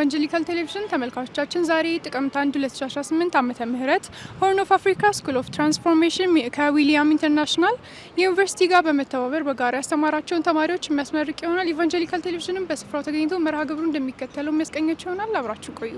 ኢቫንጀሊካል ቴሌቪዥን ተመልካቾቻችን ዛሬ ጥቅምት 1 2018 ዓመተ ምህረት ሆርን ኦፍ አፍሪካ ስኩል ኦፍ ትራንስፎርሜሽን ከዊሊያም ኢንተርናሽናል ዩኒቨርሲቲ ጋር በመተባበር በጋራ ያስተማራቸውን ተማሪዎች የሚያስመርቅ ይሆናል። ኢቫንጀሊካል ቴሌቪዥንም በስፍራው ተገኝቶ መርሃ ግብሩ እንደሚከተለው የሚያስቀኛቸው ይሆናል። አብራችሁ ቆዩ።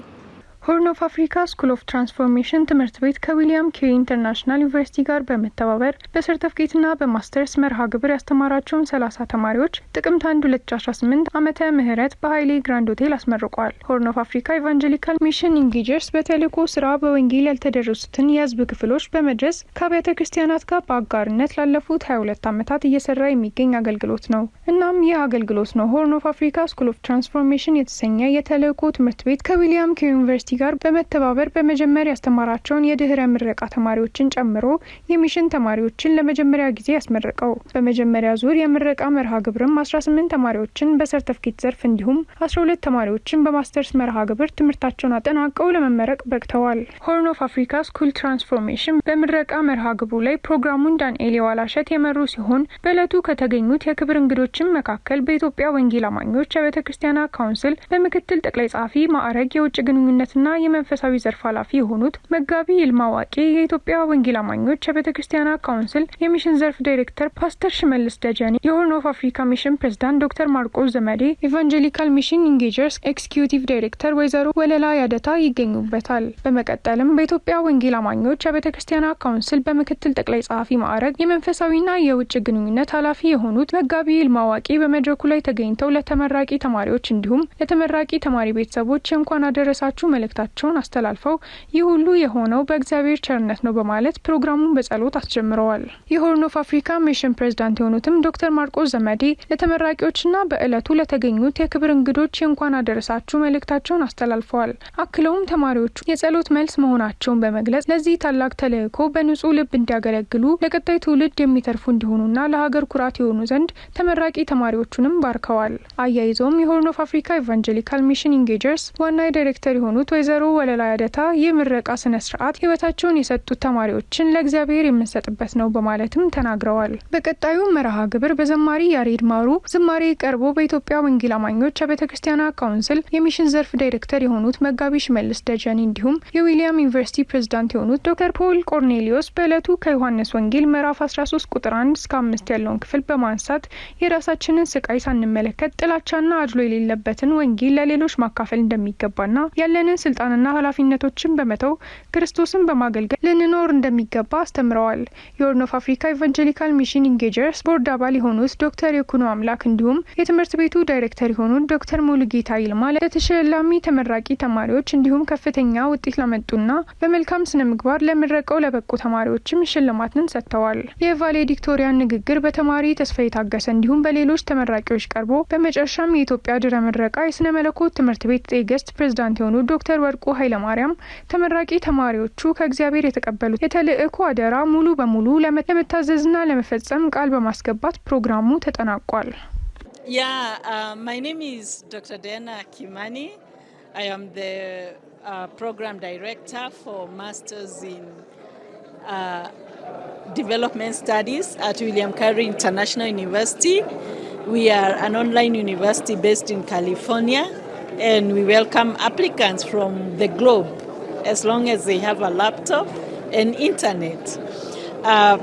ሆርን ኦፍ አፍሪካ ስኩል ኦፍ ትራንስፎርሜሽን ትምህርት ቤት ከዊሊያም ኬሪ ኢንተርናሽናል ዩኒቨርሲቲ ጋር በመተባበር በሰርተፍኬትና በማስተርስ መርሃ ግብር ያስተማራቸውን ሰላሳ ተማሪዎች ጥቅምት አንድ ሁለት አስራ ስምንት አመተ ምህረት በሀይሌ ግራንድ ሆቴል አስመርቋል። ሆርን ኦፍ አፍሪካ ኢቫንጀሊካል ሚሽን ኢንጌጀርስ በተልእኮ ስራ በወንጌል ያልተደረሱትን የህዝብ ክፍሎች በመድረስ ከአብያተ ክርስቲያናት ጋር በአጋርነት ላለፉት ሀያ ሁለት አመታት እየሰራ የሚገኝ አገልግሎት ነው። እናም ይህ አገልግሎት ነው ሆርን ኦፍ አፍሪካ ስኩል ኦፍ ትራንስፎርሜሽን የተሰኘ የተልእኮ ትምህርት ቤት ከዊሊያም ኬሪ ዩኒቨርሲቲ ዩኒቨርሲቲ ጋር በመተባበር በመጀመር ያስተማራቸውን የድህረ ምረቃ ተማሪዎችን ጨምሮ የሚሽን ተማሪዎችን ለመጀመሪያ ጊዜ ያስመረቀው። በመጀመሪያ ዙር የምረቃ መርሃ ግብርም 18 ተማሪዎችን በሰርተፍኬት ዘርፍ እንዲሁም 12 ተማሪዎችን በማስተርስ መርሃ ግብር ትምህርታቸውን አጠናቀው ለመመረቅ በቅተዋል። ሆርን ኦፍ አፍሪካ ስኩል ትራንስፎርሜሽን በምረቃ መርሃ ግብሩ ላይ ፕሮግራሙን ዳንኤል የዋላሸት የመሩ ሲሆን በእለቱ ከተገኙት የክብር እንግዶችን መካከል በኢትዮጵያ ወንጌል አማኞች የቤተ ክርስቲያና ካውንስል በምክትል ጠቅላይ ጸሐፊ ማዕረግ የውጭ ግንኙነትና የትምህርትና የመንፈሳዊ ዘርፍ ኃላፊ የሆኑት መጋቢ ይልማ ዋቂ፣ የኢትዮጵያ ወንጌል አማኞች የቤተ ክርስቲያናት ካውንስል የሚሽን ዘርፍ ዳይሬክተር ፓስተር ሽመልስ ደጀኔ፣ የሆርን ኦፍ አፍሪካ ሚሽን ፕሬዝዳንት ዶክተር ማርቆስ ዘመዴ፣ ኢቫንጀሊካል ሚሽን ኢንጌጀርስ ኤክስኪዩቲቭ ዳይሬክተር ወይዘሮ ወለላ ያደታ ይገኙበታል። በመቀጠልም በኢትዮጵያ ወንጌል አማኞች የቤተ ክርስቲያናት ካውንስል በምክትል ጠቅላይ ጸሐፊ ማዕረግ የመንፈሳዊና የውጭ ግንኙነት ኃላፊ የሆኑት መጋቢ ይልማ ዋቂ በመድረኩ ላይ ተገኝተው ለተመራቂ ተማሪዎች እንዲሁም ለተመራቂ ተማሪ ቤተሰቦች የእንኳን አደረሳችሁ መልእክት መልእክታቸውን አስተላልፈው ይህ ሁሉ የሆነው በእግዚአብሔር ቸርነት ነው በማለት ፕሮግራሙን በጸሎት አስጀምረዋል። የሆርን ኦፍ አፍሪካ ሚሽን ፕሬዚዳንት የሆኑትም ዶክተር ማርቆስ ዘመዴ ለተመራቂዎችና በእለቱ ለተገኙት የክብር እንግዶች የእንኳን አደረሳችሁ መልእክታቸውን አስተላልፈዋል። አክለውም ተማሪዎቹ የጸሎት መልስ መሆናቸውን በመግለጽ ለዚህ ታላቅ ተልእኮ በንጹህ ልብ እንዲያገለግሉ ለቀጣይ ትውልድ የሚተርፉ እንዲሆኑና ለሀገር ኩራት የሆኑ ዘንድ ተመራቂ ተማሪዎቹንም ባርከዋል። አያይዘውም የሆርን ኦፍ አፍሪካ ኢቫንጀሊካል ሚሽን ኢንጌጀርስ ዋና ዳይሬክተር የሆኑት ወይዘሮ ወለላ ያደታ ይህ ምረቃ ስነ ስርዓት ህይወታቸውን የሰጡት ተማሪዎችን ለእግዚአብሔር የምንሰጥበት ነው በማለትም ተናግረዋል። በቀጣዩ መርሃ ግብር በዘማሪ ያሬድ ማሩ ዝማሬ ቀርቦ በኢትዮጵያ ወንጌል አማኞች ቤተ ክርስቲያናት ካውንስል የሚሽን ዘርፍ ዳይሬክተር የሆኑት መጋቢ ሽመልስ ደጀኔ እንዲሁም የዊሊያም ዩኒቨርሲቲ ፕሬዝዳንት የሆኑት ዶክተር ፖል ቆርኔሊዮስ በዕለቱ ከዮሐንስ ወንጌል ምዕራፍ 13 ቁጥር 1 እስከ 5 ያለውን ክፍል በማንሳት የራሳችንን ስቃይ ሳንመለከት ጥላቻና አድሎ የሌለበትን ወንጌል ለሌሎች ማካፈል እንደሚገባና ያለንን ስልጣንና ኃላፊነቶችን በመተው ክርስቶስን በማገልገል ልንኖር እንደሚገባ አስተምረዋል። የሆርን ኦፍ አፍሪካ ኢቫንጀሊካል ሚሽን ኢንጌጀርስ ቦርድ አባል የሆኑት ዶክተር የኩኖ አምላክ እንዲሁም የትምህርት ቤቱ ዳይሬክተር የሆኑት ዶክተር ሙሉጌታ ይልማ ለተሸላሚ ተመራቂ ተማሪዎች እንዲሁም ከፍተኛ ውጤት ላመጡና በመልካም ስነ ምግባር ለምረቀው ለበቁ ተማሪዎችም ሽልማትን ሰጥተዋል። የቫሌዲክቶሪያን ንግግር በተማሪ ተስፋ የታገሰ እንዲሁም በሌሎች ተመራቂዎች ቀርቦ በመጨረሻም የኢትዮጵያ ድረ ምረቃ የስነ መለኮት ትምህርት ቤት ጤገስት ፕሬዝዳንት የሆኑት ዶክተር ዶክተር ወርቁ ኃይለማርያም ተመራቂ ተማሪዎቹ ከእግዚአብሔር የተቀበሉት የተልእኮ አደራ ሙሉ በሙሉ ለመታዘዝና ለመፈጸም ቃል በማስገባት ፕሮግራሙ ተጠናቋል። ኢዝ ዶክተር ዲያና ኪማኒ አይ ፕሮግራም ዳይሬክተር ፎር ማስተርስ ኢን development studies at William Carey International University. We are an online university based in California. and we welcome applicants from the globe as long as they have a laptop and internet. Uh,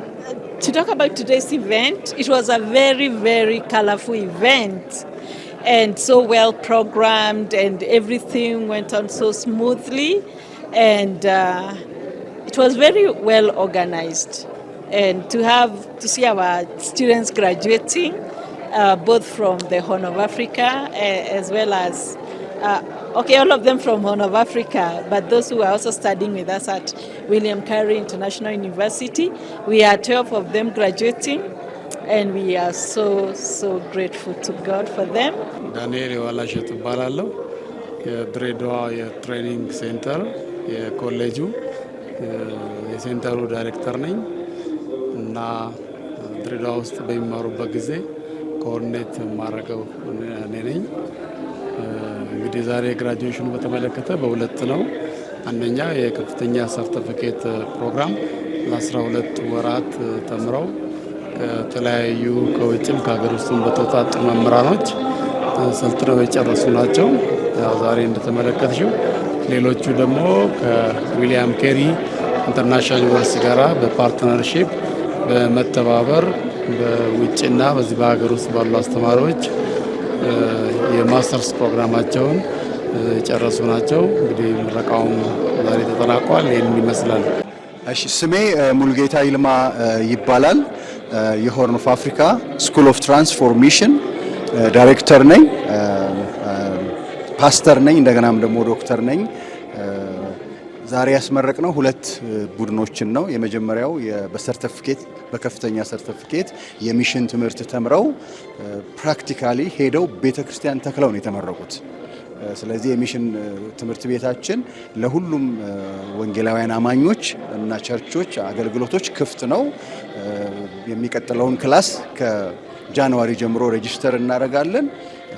to talk about today's event, it was a very, very colorful event and so well programmed, and everything went on so smoothly, and uh, it was very well organized. And to have to see our students graduating, uh, both from the Horn of Africa as well as Uh, okay, all of them from Horn of Africa, but those who are also studying with us at William Carey International University. We are 12 of them graduating and we are so, so grateful to God for them. Daniel Walashetu Balalo, Dredoa Training Center, College, የሴንተሩ ዳይሬክተር ነኝ እና ድሬዳዋ ውስጥ በሚማሩበት ጊዜ ኮኦርዲኔት የማደርገው የዛሬ ግራጁዌሽኑ በተመለከተ በሁለት ነው። አንደኛ የከፍተኛ ሰርተፊኬት ፕሮግራም ለአስራ ሁለት ወራት ተምረው ከተለያዩ ከውጭም ከሀገር ውስጥም በተውጣጡ መምህራኖች ሰልጥነው የጨረሱ ናቸው። ዛሬ እንደተመለከትሽው ሌሎቹ ደግሞ ከዊሊያም ኬሪ ኢንተርናሽናል ዩኒቨርሲቲ ጋር በፓርትነርሺፕ በመተባበር በውጭና በዚህ በሀገር ውስጥ ባሉ አስተማሪዎች የማስተርስ ፕሮግራማቸውን የጨረሱ ናቸው። እንግዲህ ምረቃውም ዛሬ ተጠናቋል። ይህን ይመስላል። እሺ፣ ስሜ ሙልጌታ ይልማ ይባላል። የሆርን ኦፍ አፍሪካ ስኩል ኦፍ ትራንስፎርሜሽን ዳይሬክተር ነኝ፣ ፓስተር ነኝ፣ እንደገናም ደግሞ ዶክተር ነኝ። ዛሬ ያስመረቅ ነው ሁለት ቡድኖችን ነው። የመጀመሪያው በሰርተፊኬት በከፍተኛ ሰርተፊኬት የሚሽን ትምህርት ተምረው ፕራክቲካሊ ሄደው ቤተ ክርስቲያን ተክለው ነው የተመረቁት። ስለዚህ የሚሽን ትምህርት ቤታችን ለሁሉም ወንጌላውያን አማኞች እና ቸርቾች አገልግሎቶች ክፍት ነው። የሚቀጥለውን ክላስ ከጃንዋሪ ጀምሮ ሬጂስተር እናደርጋለን።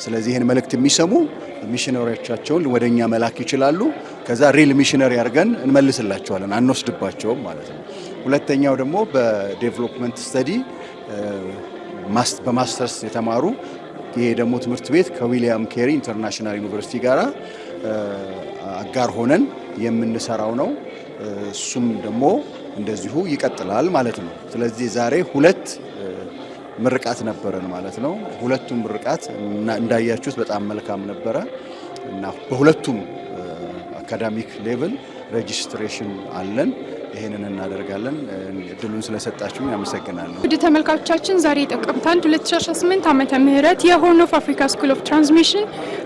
ስለዚህ ይህን መልእክት የሚሰሙ ሚሽነሪዎቻቸውን ወደ እኛ መላክ ይችላሉ። ከዛ ሪል ሚሽነሪ አድርገን እንመልስላቸዋለን፣ አንወስድባቸውም ማለት ነው። ሁለተኛው ደግሞ በዴቨሎፕመንት ስተዲ በማስተርስ የተማሩ ይሄ ደግሞ ትምህርት ቤት ከዊሊያም ኬሪ ኢንተርናሽናል ዩኒቨርሲቲ ጋር አጋር ሆነን የምንሰራው ነው። እሱም ደግሞ እንደዚሁ ይቀጥላል ማለት ነው። ስለዚህ ዛሬ ሁለት ምርቃት ነበረን ማለት ነው። ሁለቱም ምርቃት እንዳያችሁት በጣም መልካም ነበረ እና በሁለቱም አካዳሚክ ሌቭል ሬጂስትሬሽን አለን። ይህንን እናደርጋለን። እድሉን ስለሰጣችሁ ያመሰግናለሁ። ውድ ተመልካቾቻችን ዛሬ ጥቅምት 1 2018 ዓመተ ምህረት የሆርን ኦፍ አፍሪካ ስኩል ኦፍ ትራንስሚሽን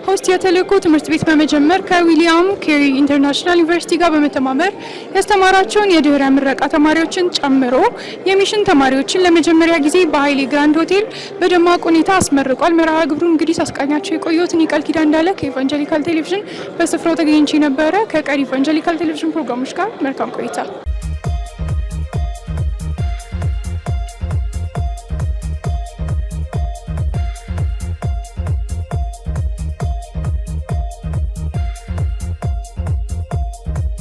ሆስት የተልእኮ ትምህርት ቤት በመጀመር ከዊሊያም ኬሪ ኢንተርናሽናል ዩኒቨርሲቲ ጋር በመተማመር ያስተማራቸውን የድህረ ምረቃ ተማሪዎችን ጨምሮ የሚሽን ተማሪዎችን ለመጀመሪያ ጊዜ በሀይሌ ግራንድ ሆቴል በደማቅ ሁኔታ አስመርቋል። መርሃ ግብሩ እንግዲህ ሳስቃኛቸው የቆየሁትን ቃል ኪዳን እንዳለ ከኢቫንጀሊካል ቴሌቪዥን በስፍራው ተገኝቼ ነበረ። ከቀሪ ኢቫንጀሊካል ቴሌቪዥን ፕሮግራሞች ጋር መልካም ቆይታል